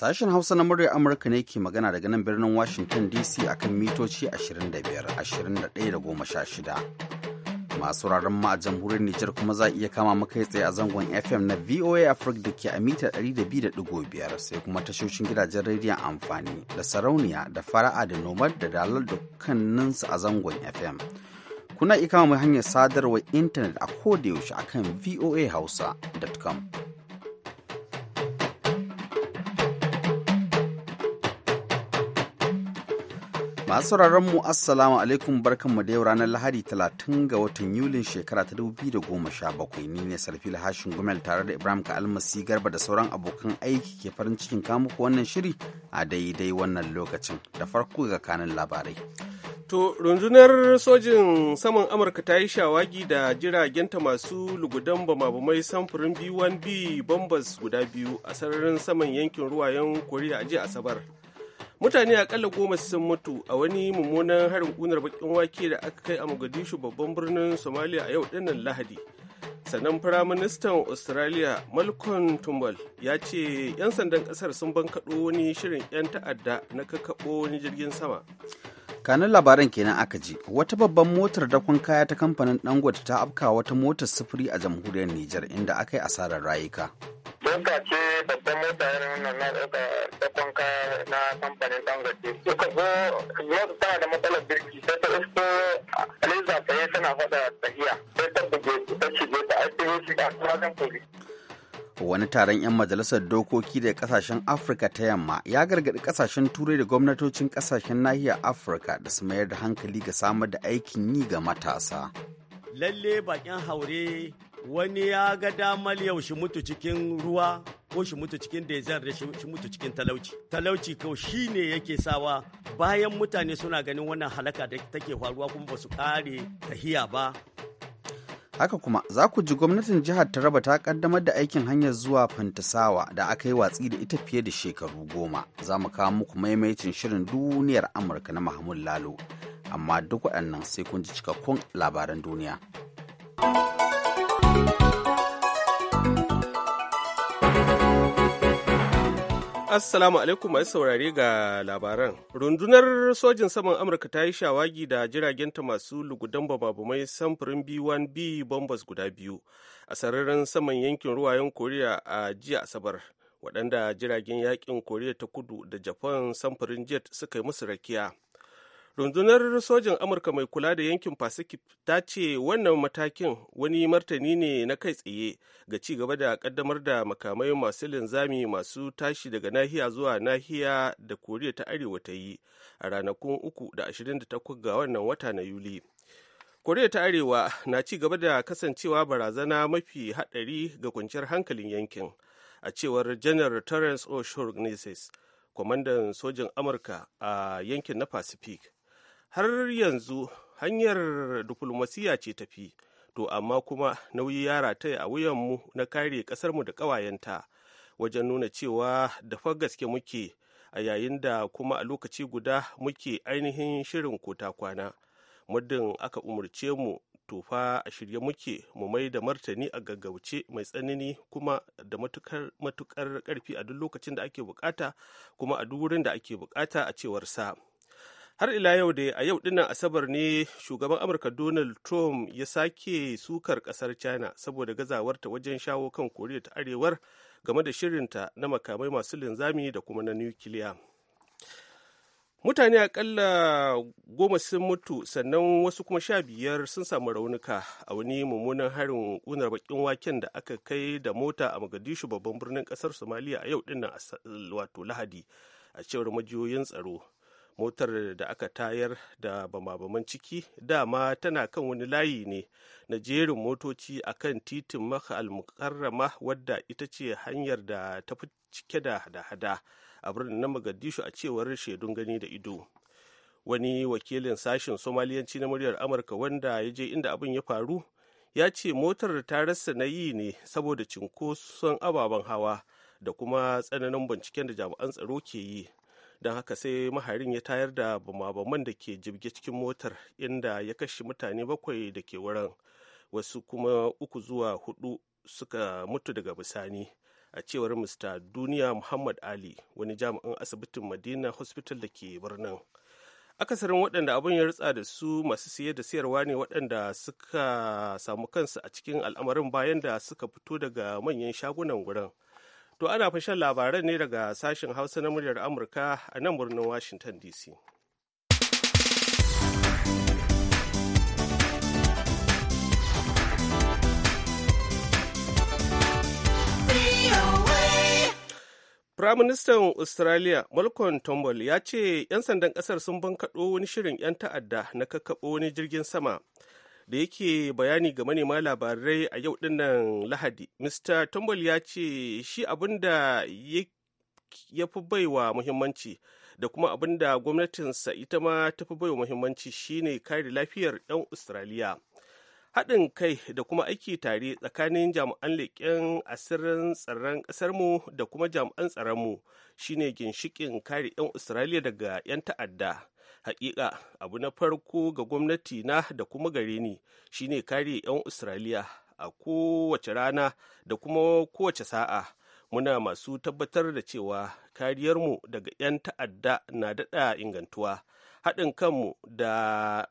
Sashen Hausa na murya Amurka ne ke magana daga nan birnin Washington DC akan mitoci 25-21-16. Masu wuraren ma a jamhuriyar Nijar kuma za iya kama makai tsaye a zangon FM na VOA Africa da ke a mita 200.5 sai kuma tashoshin gidajen rediyon amfani da sarauniya da fara'a da nomad da dalar dukkaninsu a zangon FM. Kuna iya kama mai hanyar sadarwar intanet a kodayaushe akan voahausa.com. Masu mu Assalamu alaikum barkanmu da yau ranar Lahadi 30 ga watan Yulin shekara ta da goma 2017 ni ne Sarfil lahashin Gumel tare da Ibrahim Almasi Garba da sauran abokan aiki ke farin cikin kamuku wannan shiri a daidai wannan lokacin da farko ga kanin labarai. To, rundunar sojin saman Amurka ta yi shawagi da jiragenta masu lugudan bama samfurin B1B bombas guda biyu a sararin saman yankin ruwayen Koriya a jiya Asabar. mutane akalla goma sun mutu a wani mummunan harin kunar bakin wake da aka kai a mogadishu babban birnin somalia a yau dinnan lahadi sannan firaministan australia malcolm tumbal ya ce 'yan sandan kasar sun bankaɗo wani shirin 'yan ta'adda na kakaɓo wani jirgin sama kanan labaran kenan aka ji wata babban motar dakon kaya ta kamfanin dangote ta afka wata motar sufuri a jamhuriyar Nijar, inda aka yi asarar rayuka ce babban na haka na kamfanin dangote suka zo tana da matsalar birki sai ta isko aliza tsaye tana faɗa tahiya sai ta buge ta shige ta aiki ne shi a wajen kuri. wani taron 'yan majalisar dokoki da kasashen afirka ta yamma ya gargaɗi kasashen turai da gwamnatocin kasashen nahiyar afirka da su mayar da hankali ga samar da aikin yi ga matasa lalle bakin haure wani ya ga damar yaushe mutu cikin ruwa ko shi mutu cikin desert da shi mutu cikin talauci talauci ko shi ne yake sawa bayan mutane suna ganin wannan halaka da take faruwa kuma ba su kare tahiya ba haka kuma za ku ji gwamnatin jihar taraba ta kaddamar da aikin hanyar zuwa fantasawa da aka yi watsi da ita fiye da shekaru goma za mu kawo muku maimaicin shirin duniyar amurka na mahmud lalo amma duk waɗannan sai kun ji cikakkun labaran duniya Assalamu alaikum masu saurare ga labaran. Rundunar sojin saman Amurka ta yi shawagi da jiragenta masu lugudan bababumai samfurin B-1B bombas guda biyu a sararin saman yankin ruwayen Koriya a jiya Asabar, waɗanda jiragen yakin Koriya ta kudu da Japan samfurin jet suka yi musu rakiya. rundunar sojin amurka mai kula da yankin pacific ta ce wannan matakin wani martani ne na kai tsaye ga ci gaba da kaddamar da makamai masu linzami masu tashi daga nahiya zuwa nahiya da koriya ta arewa ta yi a ranakun 3 da 28 ga wannan wata na yuli koriya ta arewa na ci gaba da kasancewa barazana mafi haɗari ga kwanciyar hankalin yankin a cewar general terence o'shore kwamandan sojin amurka a yankin na pacific har yanzu hanyar diflomasiya ce tafi to amma kuma nauyi ya rataya a wuyan mu na kare ƙasarmu da ƙawayenta wajen nuna cewa da fa gaske muke a yayin da kuma a lokaci guda muke ainihin shirin kota kwana muddin aka umarce mu tofa a shirye muke mu mai da martani a gaggauce mai tsanani kuma da matukar karfi a duk lokacin da ake bukata kuma a duk wurin da ake bukata a cewar sa. har ila yau da a yau dinnan asabar ne shugaban amurka donald trump ya sake sukar kasar china saboda gazawarta wajen shawo kan koriya ta arewar game da shirinta na makamai masu linzami da kuma na nukiliya mutane akalla goma sun mutu sannan wasu kuma sha biyar sun samu raunuka a wani mummunan harin kunar bakin waken da aka kai da mota a magadishu babban birnin kasar somaliya a yau dinnan wato lahadi a cewar majiyoyin tsaro motar da aka tayar da bama-baman ciki dama tana kan wani layi ne na jerin motoci a kan titin maka almukarrama wadda ita ce hanyar da ta fi cike da hada-hada a birnin na magadishu a cewar shaidun gani da ido wani wakilin sashen somaliyanci na muryar amurka wanda ya je inda abin ya faru ya ce motar ta rasa na yi ne saboda cinkoson ababen hawa da kuma tsananin binciken da jami'an tsaro ke yi don haka sai maharin ya tayar da bumabaman da ke jibge cikin motar inda ya kashe mutane bakwai da ke wurin wasu kuma uku zuwa hudu suka mutu daga bisani a cewar mr duniya muhammad ali wani jami'in asibitin madina hospital da ke birnin akasarin waɗanda abin ya rutsa da su masu siye da siyarwa ne waɗanda suka samu kansu a cikin al'amarin bayan da suka fito daga manyan shagunan wurin. To ana fashin labaran ne daga sashen Hausa na muryar Amurka a nan birnin Washington DC. Firaministan Australia Malcolm Turnbull ya ce 'yan sandan kasar sun bankaɗo wani shirin 'yan ta'adda na kakkaɓo wani jirgin sama da yake bayani ga manema labarai a yau dinnan lahadi mr tambol ya ce shi abin da ya fi baiwa muhimmanci da kuma abin da gwamnatinsa ita ma ta fi baiwa muhimmanci shine kare lafiyar 'yan australia haɗin kai da kuma aiki tare tsakanin jami'an leƙen asirin tsaron ƙasarmu da kuma jami'an tsaronmu shine ginshikin kare 'yan australia daga 'yan ta'adda hakika abu na farko ga gwamnati na da kuma gare ni shine kare 'yan australia a kowace rana da kuma kowace sa'a muna masu tabbatar da cewa kariyarmu daga 'yan ta'adda na daɗa ingantuwa haɗin kanmu da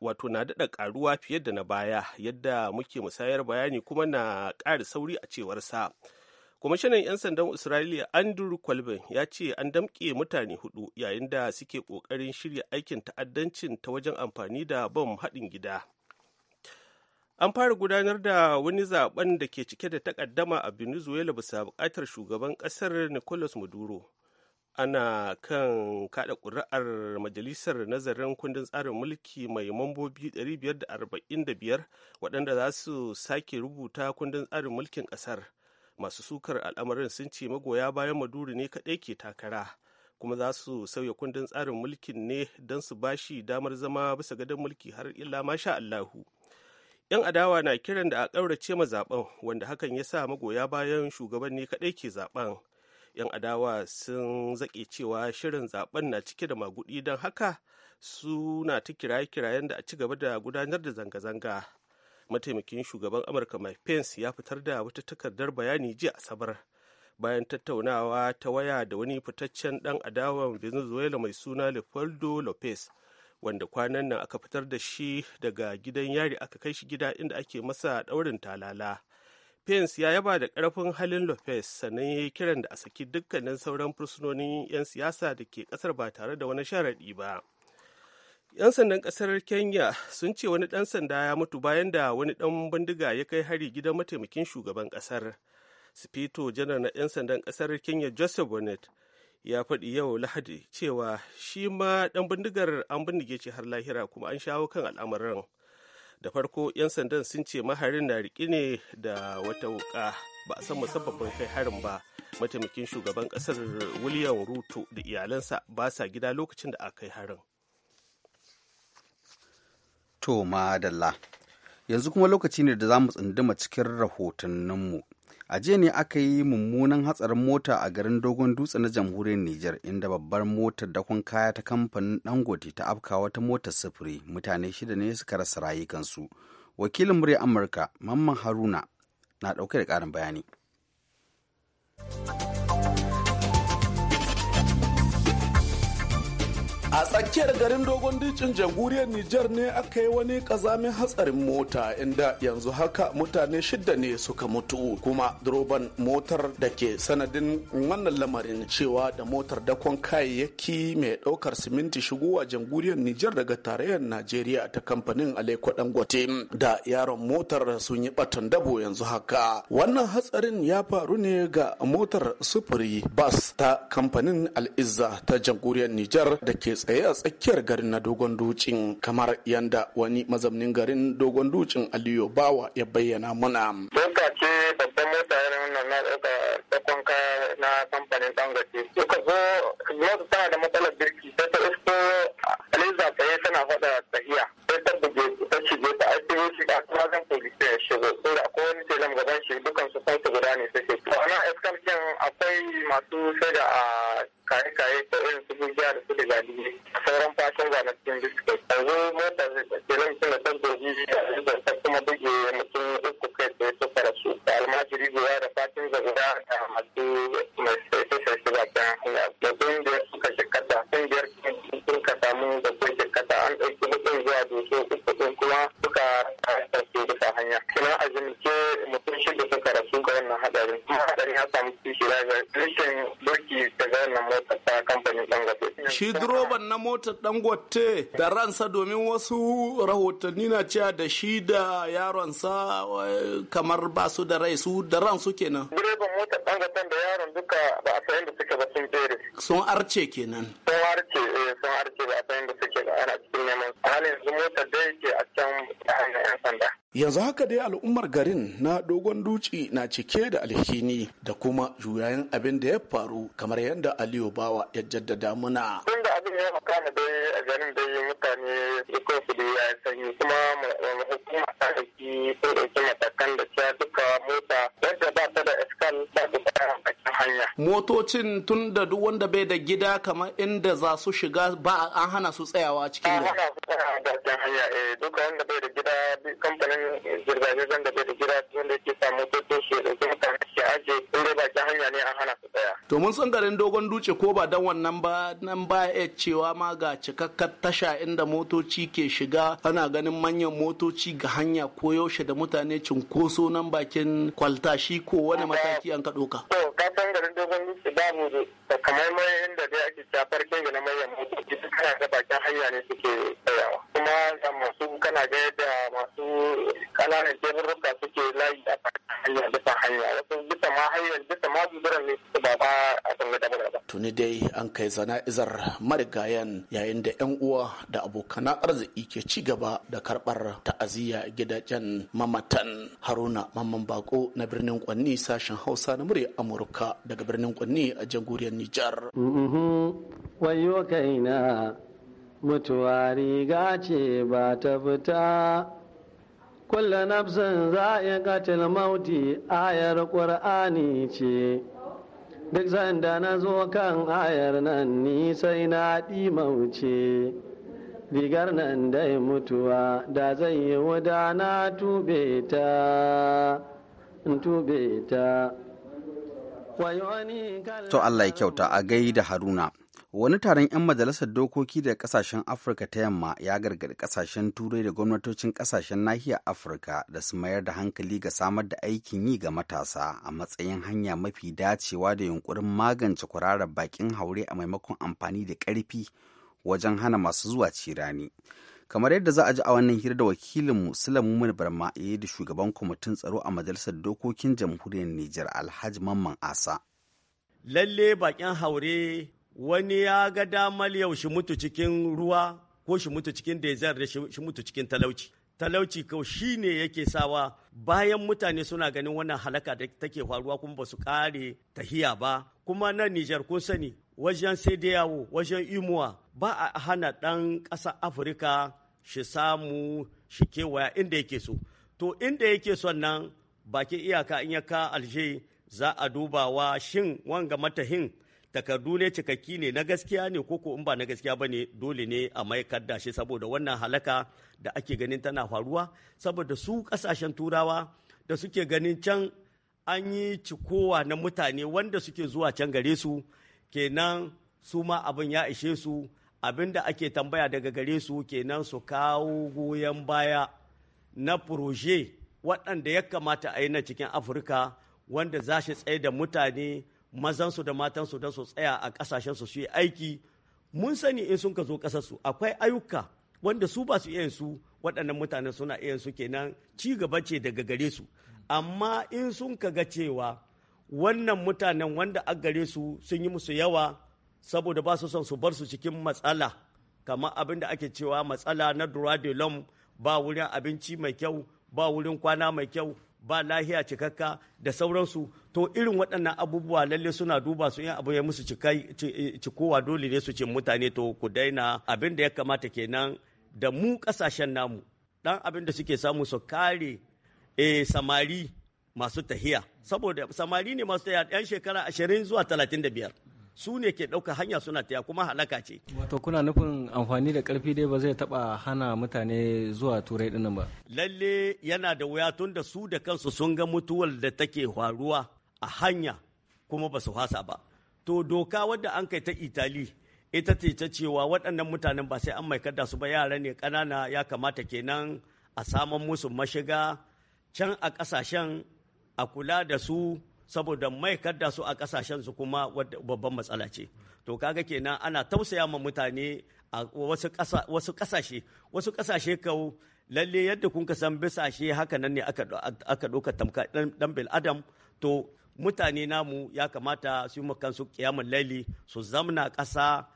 wato na daɗa karuwa fiye da na baya yadda muke musayar bayani kuma na ƙara sauri a cewar sa kwamishinan 'yan sandan australia andrew kwalben ya ce an damƙe mutane hudu yayin da suke ƙoƙarin shirya aikin ta'addancin ta wajen amfani da bom haɗin gida an fara gudanar da wani zaben da ke cike da takaddama a venezuela bisa buƙatar shugaban ƙasar nicolas maduro ana kan kada ƙuri'ar majalisar nazarin kundin tsarin mulki mai mambobi 545 waɗanda za su sake rubuta kundin tsarin mulkin ƙasar masu sukar al'amarin sun ce magoya bayan maduri ne kaɗai ke takara kuma za su sauya kundin tsarin mulkin ne don su bashi damar zama bisa gadon mulki har illa masha Allahu. 'Yan adawa na kiran da a ƙaurace ma zaben wanda hakan ya sa magoya bayan shugaban ne kaɗai ke zaben. 'Yan adawa sun zaƙe cewa shirin zaben na cike da maguɗi don haka suna ta kiraye-kirayen da a ci gaba da gudanar da zanga-zanga. mataimakin shugaban amurka mike pence ya fitar da wata takardar bayani jiya asabar bayan tattaunawa ta waya da wani fitaccen dan adawan venezuela mai suna leopoldo lopez wanda kwanan nan aka fitar da shi daga gidan yari aka kai shi gida inda ake masa daurin talala pence ya yaba da karfin halin lopez sannan ya yi kiran da a saki dukkanin sauran fursunonin 'yan siyasa da ke kasar ba tare da wani sharaɗi ba 'Yan sandan kasar Kenya sun ce wani ɗan sanda ya mutu bayan da wani ɗan bindiga ya kai hari gidan mataimakin shugaban ƙasar. Sifito janar na 'yan sandan kasar Kenya Joseph Bonnet ya faɗi yau Lahadi cewa shi ma ɗan bindigar an bindige shi har lahira kuma an shawo kan al'amuran Da farko 'yan sandan sun ce maharin na riƙi ne da wata wuƙa ba a san musabbabin kai harin ba. Mataimakin shugaban ƙasar William Ruto da iyalansa ba sa gida lokacin da aka kai harin. To madalla. Yanzu kuma lokaci ne da za mu tsunduma cikin rahotanninmu. A jiya ne aka yi mummunan hatsarin mota a garin Dogon Dutse na jamhuriyar Nijar inda babbar motar dakon kaya ta kamfanin Dangote ta afka wata motar sufuri mutane shida ne suka rasa rayukansu. Wakilin murya Amurka, Mamman Haruna, na ɗauke da ƙarin bayani. A tsakiyar garin dogon dicin jamhuriyar Nijar ne aka yi wani kazamin hatsarin mota inda yanzu haka mutane shida ne suka mutu kuma droban motar da ke sanadin wannan lamarin cewa da motar dakon kayayyaki mai ɗaukar siminti shigowa jamhuriyar Nijar daga tarayyar Najeriya ta kamfanin Aleko Dangote da yaron motar sun yi batun dabo yanzu haka. Wannan hatsarin ya faru ne ga motar sufuri bas ta kamfanin Al'izza ta jamhuriyar Nijar da ke tsaye a tsakiyar garin na dogon ducin kamar yanda wani mazaunin garin dogon ducin aliyu bawa ya bayyana muna mota ce babban mota yana na ɗauka ɗaukan kaya na kamfanin dangote suka zo mota tana da matsalar birki sai ta isko aliza tsaye tana faɗa tsahiya sai ta buge ta shige ta aiki ne shi a kuma zan polisi ya shigo sai akwai wani telam gaban shi dukansu kansu guda ne suke to ana iskan akwai masu shaida a ya daga kamfanin Shi direban na motar dangote da ransa domin wasu rahotanni na cewa da shi da yaronsa eh, kamar ba su da rai su da ransu kenan. Direban motar dangoten da yaron duka ba a sayan da suke ba sun jere Sun arce kenan. Sun arce eh, sun arce ba a sayan da suke ba ana cikin neman. Halin su motar dai yanzu haka dai al'ummar garin na dogon duci na cike da alhini da kuma juyayen abin da ya faru kamar yadda aliyu bawa ya jaddada muna da abin ya makana dai a garin dai mutane da su da ya sanyi kuma hukuma ta ɗauki sun ɗauki matakan da ta duka mota yadda ba ta da iskal ba ta hanya motocin tun da duk wanda bai da gida kamar inda za su shiga ba an hana su tsayawa a cikin gida an hana su tsayawa bakin hanya eh duka wanda bai da gida kamfanin zirga-zirgar da bai da gida wanda yake sa motocin su da kuma kan ke aje in dai bakin hanya ne an hana su tsaya to mun san garin dogon duce ko ba dan wannan ba nan ba ya cewa ma ga cikakkar tasha inda motoci ke shiga ana ganin manyan motoci ga hanya ko yaushe da mutane cinkoso nan bakin kwalta shi ko wani mataki an ka ɗauka. To, ka garin dogon dutse babu da kamar mai inda dai ake shafar kinga na manyan motoci duk kana ga bakin hanya ne suke tsayawa kuma ga masu kana ga yadda masu kananan teburruka suke layi a hanya bisa hanya wasu bisa ma hanyar bisa ma duburan ne su ba ba a tsanga da ba. tuni dai an kai zana'izar marigayen yayin da yan uwa da abokan arziki ke ci gaba da karbar ta'aziyya gidajen mamatan haruna mamman bako na birnin kwanni sashen hausa na murya amurka daga birnin Kunni a jamhuriyar Nijar. Wayo kaina mutuwa riga ce ba ta fita. Kulla nafsin za'iqatil mauti ayar ƙur'ani ce. Duk sanda na zo kan ayar nan ni sai na ɗi mauce. rigar nan dai mutuwa da zai yi wuda na tube ta To Allah ya kyauta a da Haruna. Wani taron 'yan majalisar dokoki daga kasashen Afirka ta yamma ya gargaɗi kasashen turai da gwamnatocin kasashen nahiyar Afirka da su mayar da hankali ga samar da aikin yi ga matasa a matsayin hanya mafi dacewa da yunkurin magance kwararar bakin haure a maimakon amfani da ƙarfi wajen hana masu zuwa cirani. kamar yadda za a ji a wannan hira da wakilin sulamu barma ya da shugaban kwamitin tsaro a majalisar dokokin jamhuriyar nijar alhaji mamman asa lalle bakin haure wani ya ga damar yau shi mutu cikin ruwa ko shi mutu cikin da shi mutu cikin talauci talauci ko shi ne yake sawa bayan mutane suna ganin wannan halaka da take faruwa kuma ba su kare tahiya ba kuma nan nijar kun sani wajen sai da yawo wajen imuwa ba a hana ɗan ƙasa afirka shi samu shi kewaya inda yake so to inda yake son nan bakin iyaka in ya ka alje za a dubawa shin wanga matahin takardu ne cikakki ne na gaskiya ne ko ko in ba na gaskiya ba ne dole ne a mai kadda shi saboda wannan halaka da ake ganin tana faruwa saboda su ƙasashen turawa da suke ganin can an yi cikowa na mutane wanda suke zuwa can gare su kenan su ma abin ya ishe su abin da ake tambaya daga gare su kenan su kawo goyon baya na proje waɗanda ya kamata a yi na cikin afirka wanda za shi tsaye da mutane mazansu da matansu don su tsaya a ƙasashensu su yi aiki mun sani in sun ka zo ƙasarsu akwai ayyuka wanda su ba su iya su waɗannan mutanen suna iya su kenan ci gaba ce daga gare su amma in sun ka ga cewa wannan mutanen wanda a gare su sun yi musu yawa saboda ba su son su bar su cikin matsala kamar abin da ake cewa matsala na dura de lom ba wurin abinci mai kyau ba wurin kwana mai kyau ba lahiya cikakka da sauransu to irin waɗannan abubuwa lalle suna duba su in abu ya musu cikowa dole ne su ce mutane to ku daina abin da ya kamata kenan da mu ƙasashen namu dan abin da suke samu su kare eh, samari masu tahiya saboda samari ne masu tahiya 'yan shekara ashirin zuwa talatin da biyar. su ne ke ɗauka hanya suna taya kuma halaka ce. Wato kuna nufin amfani da ƙarfi dai ba zai taɓa hana mutane zuwa turai dinnan ba. Lalle yana da wuya tun da su da kansu sun ga mutuwar da take faruwa a hanya kuma ba su hasa ba. To doka wadda an kai ta Itali ita ce ta cewa waɗannan mutanen ba sai an mai kada su ba yara ne ƙanana ya kamata kenan a saman musu mashiga can a ƙasashen a kula da su saboda mai kadda su a kasashen su kuma babban matsala ce to kaga kenan ana tausaya ma mutane a wasu kasashe wasu kasashe kawo lalle yadda kun san bisashe haka nan ne aka ɗauka tamka dan bil adam to mutane namu ya kamata su yi kansu kiyamun laili su zamna kasa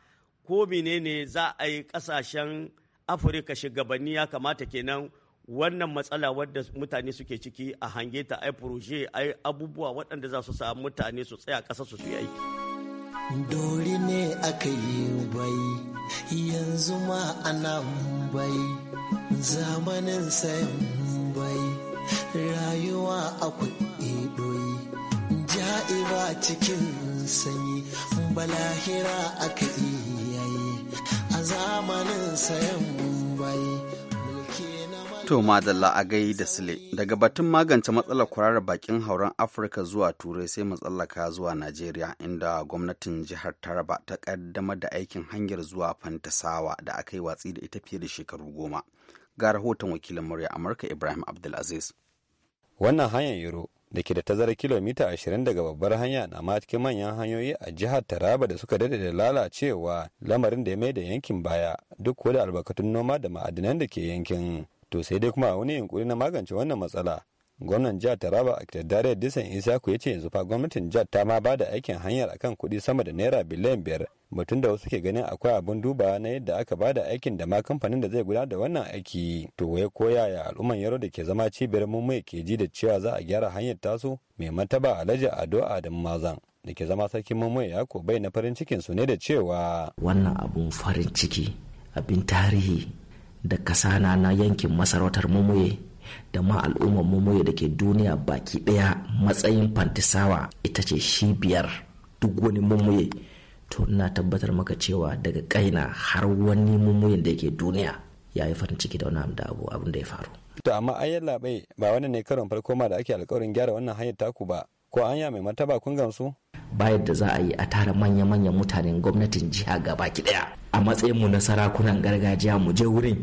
ko menene za a yi kasashen afirka shugabanni ya kamata kenan wannan matsala wadda mutane suke ciki a hange ta ai proje ai abubuwa waɗanda za su sa mutane su tsaya ƙasa su yi aiki. Dori ne aka yi bai yanzu ma ana bai zamanin sayan bai rayuwa a kuɗi ɗoyi ja'iba cikin sanyi balahira aka yi yayi a zamanin sayan bai. wato madalla a gai da sile daga batun magance matsalar kwararar bakin hauren Afirka zuwa Turai sai matsalaka zuwa Najeriya inda gwamnatin jihar Taraba ta kaddamar da aikin hanyar zuwa Fantasawa da aka yi watsi da ita fiye da shekaru goma. Ga rahoton wakilin murya Amurka Ibrahim Abdulaziz. Wannan hanyar Euro da ke da tazarar kilomita ashirin daga babbar hanya na ma manyan hanyoyi a jihar Taraba da suka dade da lalacewa lamarin da ya mai da yankin baya duk da albarkatun noma da ma'adinan da ke yankin. to sai dai kuma wani yunkuri na magance wannan matsala gwamnan jihar taraba a dariyar disan isaku ya ce yanzu fa gwamnatin jihar ta ma ba da aikin hanyar akan kuɗi sama da naira biliyan biyar mutum da wasu ke ganin akwai abun duba na yadda aka ba da aikin da ma kamfanin da zai gudanar da wannan aiki to wai ko yaya al'umman yaro da ke zama cibiyar mai ke ji da cewa za a gyara hanyar tasu mai mataba alhaji ado da mazan da ke zama sarkin mummai ya ko bai na farin cikin su ne da cewa wannan abun farin ciki abin tarihi da kasana na yankin masarautar mumuye da ma al'ummar mumuye da ke duniya baki ɗaya matsayin fantisawa ita ce shi biyar duk wani mumuye to na tabbatar maka cewa daga kaina har wani mumuyen da yake duniya ya yi farin ciki da wani abu abin da ya faru. To amma ayyar labai ba wannan ne karon farko ma da ake alkawarin gyara wannan hanyar taku ba ko anya mai martaba kun gamsu ba yadda za a yi a tara manya-manyan mutanen gwamnatin jiha gaba baki daya a matsayin mu na sarakunan gargajiya mu je wurin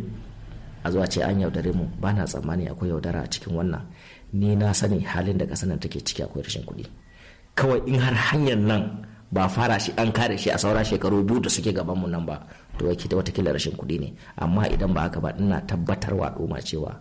a zuwa ce an yaudare mu ba na tsammani akwai yaudara a cikin wannan ni na sani halin da ƙasar take ciki akwai rashin kuɗi kawai in har hanyar nan ba fara shi an kare shi a sauran shekaru biyu da suke gabanmu nan ba to wake ta watakila rashin kuɗi ne amma idan ba haka ba ina tabbatar wa doma cewa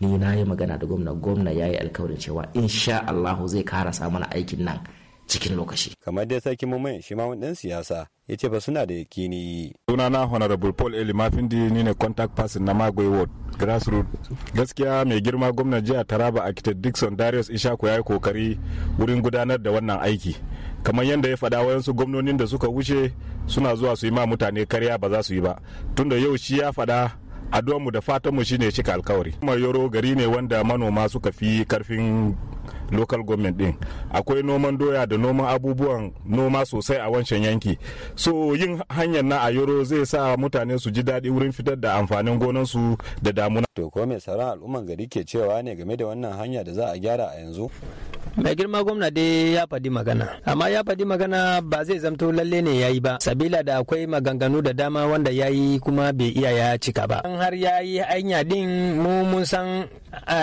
ni na yi magana da gwamna gwamna ya yi alkawarin cewa insha Allahu zai kara karasa mana aikin nan cikin lokaci. Kamar dai sarki mai shi ma ɗan siyasa yace ce ba suna da yakini. na Honorable Paul Eli Mafindi ni ne contact person na Magwai Ward grassroot. Gaskiya mai girma gwamna jiya Taraba Architect Dixon Darius Ishaku ya yi kokari wurin gudanar da wannan aiki. kamar yadda ya faɗa wayansu gwamnonin da suka wuce suna zuwa su yi ma mutane karya ba za su yi ba tunda yau shi ya faɗa mu da fatanmu shine cika alkawari kuma yoro gari ne wanda manoma suka fi karfin local government din akwai noman doya da noman abubuwan noma sosai a wancan yanki so yin hanyar na a yoro zai sa mutane su ji daɗi wurin fitar da amfanin gonansu da damuna to ko mai sauran al'umman gari ke cewa ne game da wannan hanya da za a gyara a yanzu mai girma gwamna dai ya faɗi magana amma ya faɗi magana ba zai zamto lalle ne yayi ba sabila da akwai maganganu da dama wanda yayi kuma bai iya ya cika ba an har yayi hanya din mu mun san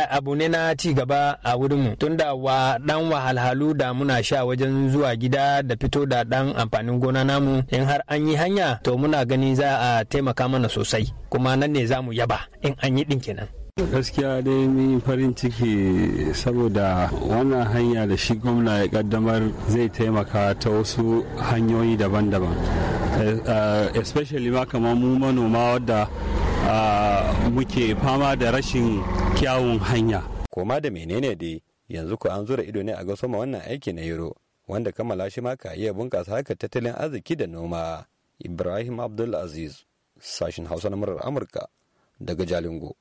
abu ne na ci gaba a wurin mu tunda wa dan wahalhalu da muna sha wajen zuwa gida da fito da dan amfanin gona namu in har an yi hanya to muna gani za a taimaka mana sosai kuma nan ne za mu yaba in an yi din kenan gaskiya dai mun farin ciki saboda wannan hanya da shi gwamna ya kaddamar zai taimaka ta wasu hanyoyi daban-daban eh, especially ma kamar mu manoma wadda ah, muke fama da rashin kyawun hanya koma da menene dai yanzu ko an zura ido ne a ga soma wannan aiki na euro wanda kammala shi ma ka iya bunkasa haka tattalin arziki da noma ibrahim abdul aziz sashin hausa na murar amurka daga jalingo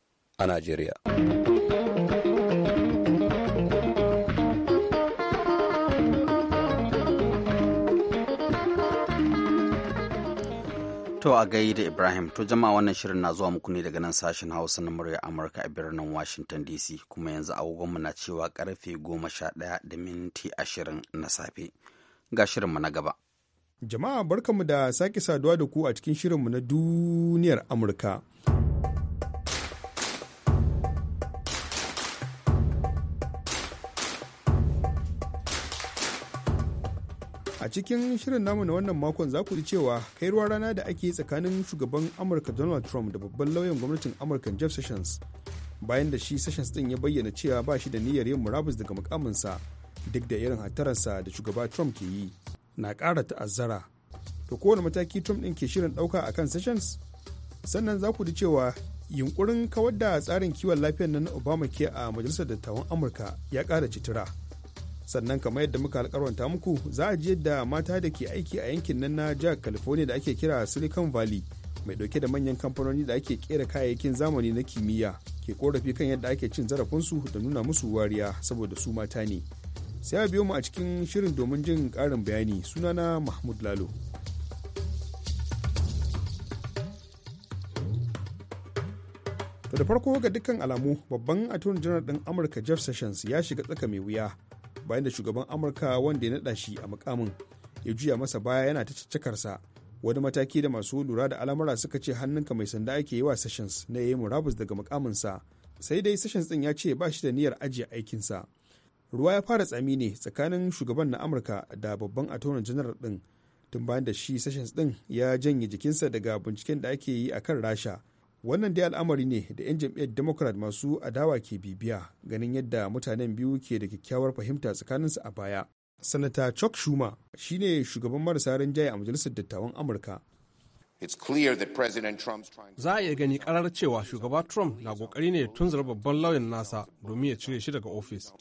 a Najeriya. To a gai da Ibrahim, to jama'a wannan shirin na zuwa muku ne daga nan sashen Hausa na murya Amurka a birnin Washington DC kuma yanzu agogonmu na cewa karfe goma sha ɗaya da minti ashirin na safe. Ga shirinmu na gaba. Jama'a barkanmu da sake saduwa da ku a cikin shirinmu na duniyar Amurka. a cikin shirin namu na wannan makon za ku ji cewa kai ruwa rana da ake tsakanin shugaban amurka donald trump da babban lauyan gwamnatin amurka jeff sessions bayan da shi sessions din ya bayyana cewa ba shi da niyyar yin murabus daga mukaminsa duk da irin hattararsa da shugaba trump ke yi na ƙara ta'azzara to kowane mataki trump din ke shirin ɗauka akan sessions sannan za ku ji cewa yunkurin kawar da tsarin kiwon lafiyar na obama ke a majalisar dattawan amurka ya ƙara citira. sannan kamar yadda muka alkarwanta muku za a ji yadda mata da ke aiki a yankin nan na jihar california da ake kira silicon valley mai dauke da manyan kamfanoni da ake kera kayayyakin zamani na kimiyya ke korafi kan yadda ake cin zarafinsu da nuna musu wariya saboda su mata ne sai a biyo mu a cikin shirin domin jin karin bayani sunana mahmud lalo to da farko ga dukkan alamu babban attorney general din amurka jeff sessions ya shiga tsaka mai wuya bayan da shugaban amurka wanda ya naɗa shi a mukamin ya juya masa baya yana ta caccakarsa wani mataki da masu lura da al'amura suka ce hannunka mai sanda ake yi wa sessions na yayi murabus daga mukaminsa sai dai sessions din ya ce ba shi da niyyar ajiye aikinsa ruwa ya fara tsami ne tsakanin shugaban na amurka da babban attorney general din tun bayan da shi sessions din ya janye jikinsa daga binciken da ake yi akan rasha wannan dai al'amari ne da 'yan jam'iyyar democrat masu adawa ke bibiya ganin yadda mutanen biyu ke da kyakkyawar fahimta tsakaninsu a baya sanata chuck schumer shine shugaban marasa rinjaye a majalisar dattawan amurka Za a iya gani karar cewa shugaba Trump na kokari ne tun tunzura babban lauyan nasa domin ya cire shi daga ofis.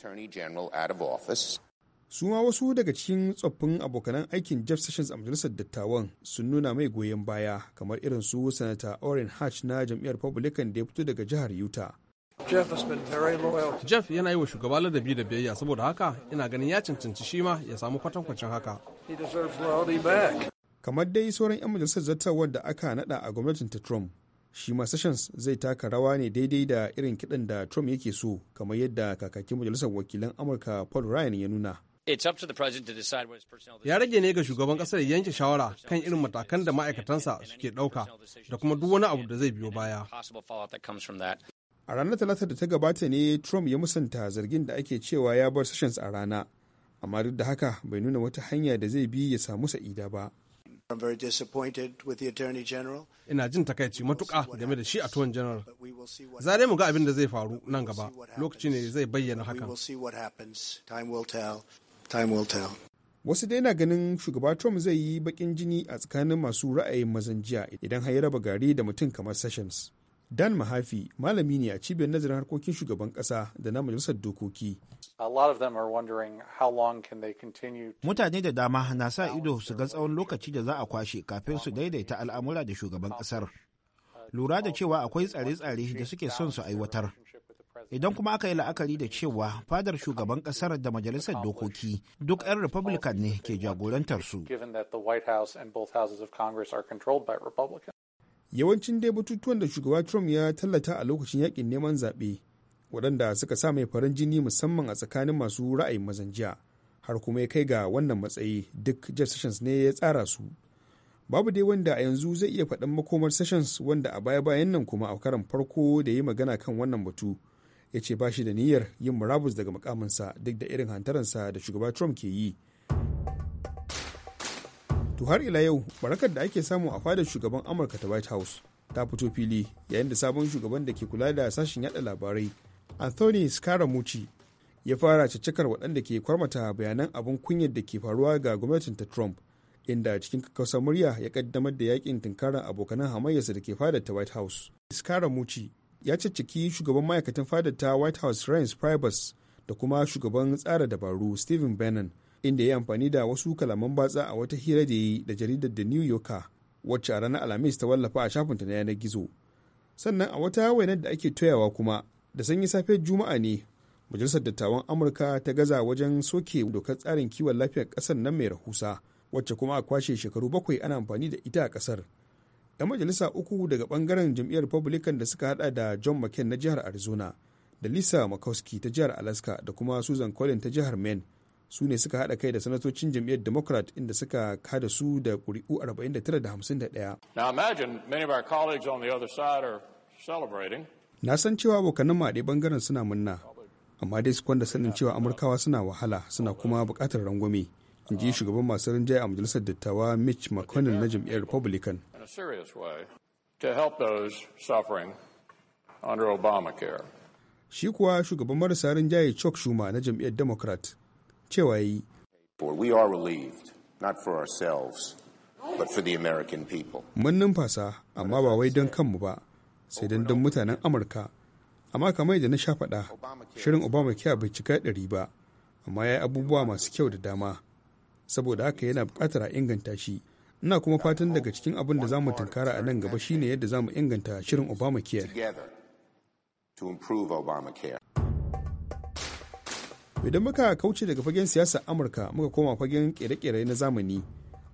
su ma wasu daga cikin tsoffin abokanan aikin jeff sessions a majalisar dattawan sun nuna mai goyon baya kamar irin su sanata orrin hatch na jam'iyyar republican da ya fito daga jihar utah jeff yana yi wa shugaba ladabi da biyayya saboda haka ina ganin ya cancanci shi ma ya samu kwatankwacin haka kamar dai sauran 'yan majalisar zartar da aka nada a gwamnatin ta trump shi ma sessions zai taka rawa ne daidai da irin kiɗan da trump yake so kamar yadda kakakin majalisar wakilan amurka paul ryan ya nuna Ya rage ne ga shugaban kasar yanke shawara kan irin matakan da ma'aikatansa suke ɗauka da kuma duk wani abu da zai biyo baya. A ranar Talata da ta gabata ne Trump ya musanta zargin da ake cewa ya bar Sessions a rana, amma duk da haka bai nuna wata hanya da zai bi ya samu sa'ida ba. Ina jin takaici matuka game da shi a tuwon general. Za mu ga abin da zai faru nan gaba, lokaci ne zai bayyana hakan. Time will tell. Wasu dai na ganin shugaba Trump zai yi bakin jini a tsakanin masu ra'ayin mazan jiya idan har ya raba gari da mutum kamar Sessions. Dan Mahafi malami ne a cibiyar nazarin harkokin shugaban kasa da na majalisar dokoki. Mutane da dama na sa ido su ga tsawon lokaci da za a kwashe kafin su daidaita al'amura da shugaban kasar. Lura da cewa akwai tsare-tsare da suke son su aiwatar. idan kuma aka yi la'akari da cewa fadar shugaban kasar da majalisar dokoki duk 'yan republican ne ke jagorantar su yawancin dai batutuwan da shugaba trump ya tallata a lokacin yakin neman zaɓe waɗanda suka sa mai farin jini musamman a tsakanin masu ra'ayin mazan jiya har kuma ya kai ga wannan matsayi duk jeff sessions ne ya tsara su babu dai wanda a yanzu zai iya faɗin makomar sessions wanda a baya bayan nan kuma a karan farko da ya yi magana kan wannan batu ya ce ba shi da niyyar yin murabus daga mukaminsa duk da irin hantaransa da shugaba trump ke yi to har ila yau barakar da ake samu a fadar shugaban amurka ta white house ta fito fili yayin da sabon shugaban da ke kula da sashen yada labarai anthony scaramucci ya fara caccakar waɗanda ke kwarmata bayanan abun kunyar da ke faruwa ga gwamnatin ta trump inda cikin kakkausar murya ya kaddamar da yakin tunkarar abokanan hamayyarsa da ke fadar ta white house scaramucci ya cicciki shugaban ma'aikatan fadar ta white house ryan pribus da kuma shugaban tsara dabaru stephen bannon inda ya yi amfani da wasu kalaman batsa a wata hira da yi da jaridar the new yorker wacce a ranar alhamis ta wallafa a shafinta na yanar gizo sannan a wata wainar da ake toyawa kuma da sanyi safe juma'a ne majalisar dattawan amurka ta gaza wajen soke dokar tsarin kiwon lafiyar kasar nan mai rahusa wacce kuma a kwashe shekaru bakwai ana amfani da ita a kasar 'yan majalisa uku daga bangaren jam'iyyar republican da suka hada da john mccain na jihar arizona da lisa makowski ta jihar alaska da kuma susan collins ta jihar maine su ne suka hada kai da sanatocin jam'iyyar democrat inda suka kada su da ƙuri'u 49 51 na san cewa abokanan maɗe bangaren suna munna amma dai su kwanda sanin cewa amurkawa suna wahala suna kuma bukatar rangwame in ji shugaban masu rinjaye a majalisar dattawa mitch mcconnell na jam'iyyar republican serious way to help those suffering under Obamacare. Shi kuwa shugaban marasa rinjaye Chuck Schumer na jam'iyyar Democrat cewa yi. We are relieved, not for ourselves, but for the American people. Mun numfasa, amma ba wai don kanmu ba, sai don don mutanen Amurka. Amma kamar da na sha faɗa, shirin Obamacare bai cika ɗari ba, amma ya yi abubuwa masu kyau da dama. Saboda haka yana buƙatar a inganta shi. ina kuma fatan daga cikin abin da za mu tunkara a nan gaba shine yadda za mu inganta shirin obamacare idan muka kauce daga fagen siyasar amurka muka koma fagen kere-kere na zamani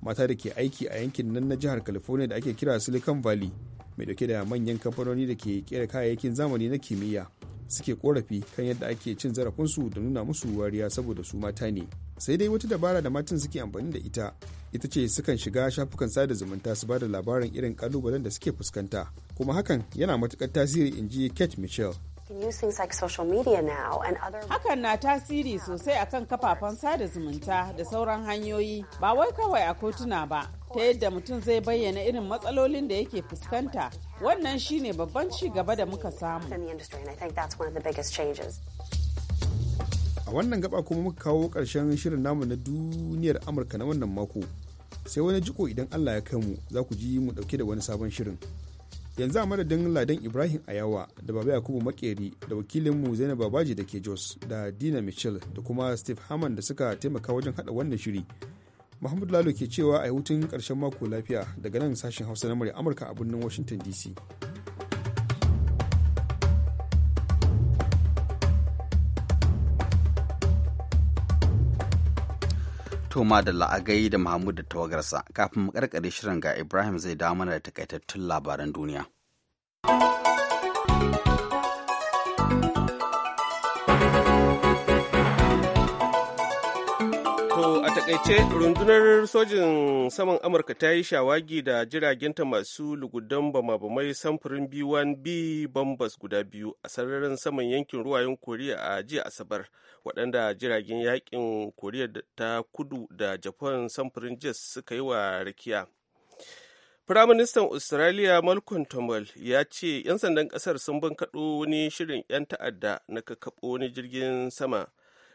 mata da ke aiki a yankin nan na jihar california da ake kira silicon valley mai dauke da manyan kamfanoni da ke kera kayayyakin zamani na kimiyya suke korafi kan yadda ake cin zarafinsu da nuna musu wariya saboda su mata ne sai dai wata dabara da matan suke amfani da ita ita ce sukan shiga shafukan sada zumunta su ba da labarin irin kalubalen da suke fuskanta kuma hakan yana matukar tasiri in ji kate michelle Hakan na tasiri sosai akan kafafen sada zumunta da sauran hanyoyi ba wai kawai a kotuna ba ta yadda mutum zai bayyana irin matsalolin da yake fuskanta wannan shine babban ci gaba da muka samu. A wannan gaba kuma muka kawo ƙarshen shirin namu na duniyar Amurka na wannan mako. Sai wani jiko idan Allah ya kai mu za ku ji mu ɗauke da wani sabon shirin. yanzu a madadin ladan ibrahim ayawa da baba yakubu makeri da wakilinmu zainab babaji da ke jos da dina mitchell da kuma steve haman da suka taimaka wajen hada wannan shiri mahmud Lalo ke cewa a hutun karshen mako lafiya daga nan sashen Hausa na murya Amurka a birnin Washington DC. To da la'agai da Mahmud da tawagarsa kafin mu karkare shirin ga Ibrahim zai dawo mana da takaitattun labaran duniya. takaice rundunar sojin saman amurka ta yi shawagi da jiragenta masu lugudan bamabamai samfurin b1b bombas guda biyu a sararin saman yankin ruwayen koriya a jiya asabar waɗanda jiragen yakin koriya ta kudu da japan samfurin jes suka yi wa rakiya Firaministan Australia Malcolm Turnbull ya ce 'yan sandan ƙasar sun bankaɗo wani shirin 'yan ta'adda na kakaɓo wani jirgin sama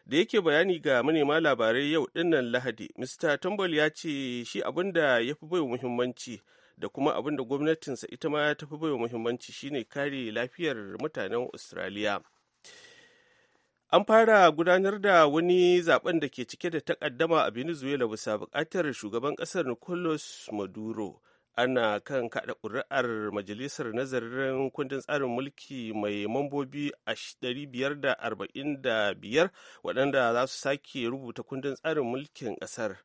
da yake bayani ga manema labarai yau dinnan lahadi mr tambol ya ce shi abin da ya fi baiwa muhimmanci da kuma abin da gwamnatinsa ita ma ta fi baiwa muhimmanci shine kare lafiyar mutanen australia an fara gudanar da wani zaben da ke cike da takaddama a venezuela bisa buƙatar shugaban kasar nicolas maduro ana kan kaɗa kuri'ar majalisar nazarin kundin tsarin mulki mai mambobi 545 waɗanda za su sake rubuta kundin tsarin mulkin ƙasar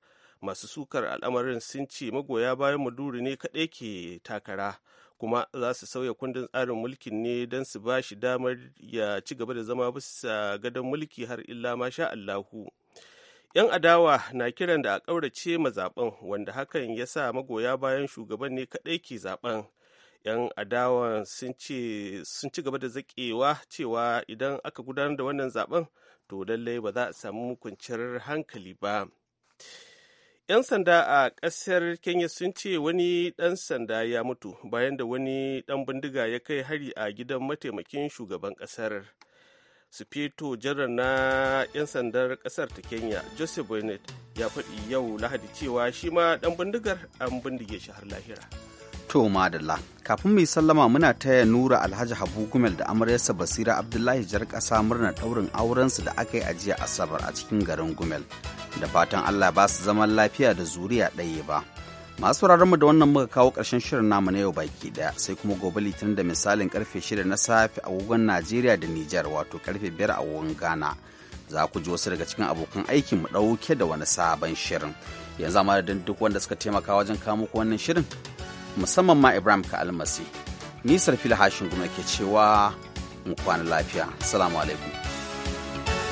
masu sukar al'amarin sun ce magoya bayan maduri ne kaɗai ke takara kuma za su sauya kundin tsarin mulkin ne don su ba shi damar ya ci gaba da zama bisa gadon mulki har illa masha Allahu. 'Yan adawa na kiran da a ƙaurace ma zaben wanda hakan ya sa magoya bayan shugaban ne kaɗai ke zaben. 'Yan adawa sun ci gaba da zaƙewa cewa idan aka gudanar da wannan zaben to lallai ba za a samu kwanciyar hankali ba. 'yan sanda a ƙasar kenya sun ce wani ɗan sanda ya mutu bayan da wani ɗan bindiga ya kai hari a gidan mataimakin shugaban ƙasar sufeto jiran na 'yan sandar kasar ta kenya joseph bennett ya faɗi yau lahadi cewa shi ma ɗan bindigar an bindige shi har lahira to madalla kafin mai sallama muna taya nura alhaji habu gumel da amaryarsa basira abdullahi jar ƙasa murna ɗaurin aurensu da aka yi a jiya asabar a cikin garin gumel da fatan allah ba su zaman lafiya da zuriya ɗaya ba masu mu da wannan muka kawo ƙarshen shirin namu na yau baki daya sai kuma gobe litinin da misalin karfe shida na safe agogon najeriya da nijar wato karfe biyar agogon ghana za ku ji wasu daga cikin abokan aikin mu ɗauke da wani sabon shirin yanzu amma da duk wanda suka taimaka wajen kamo ku wannan shirin musamman ma ibrahim ka almasi nisar fil hashin gumna ke cewa mu kwana lafiya salamu alaikum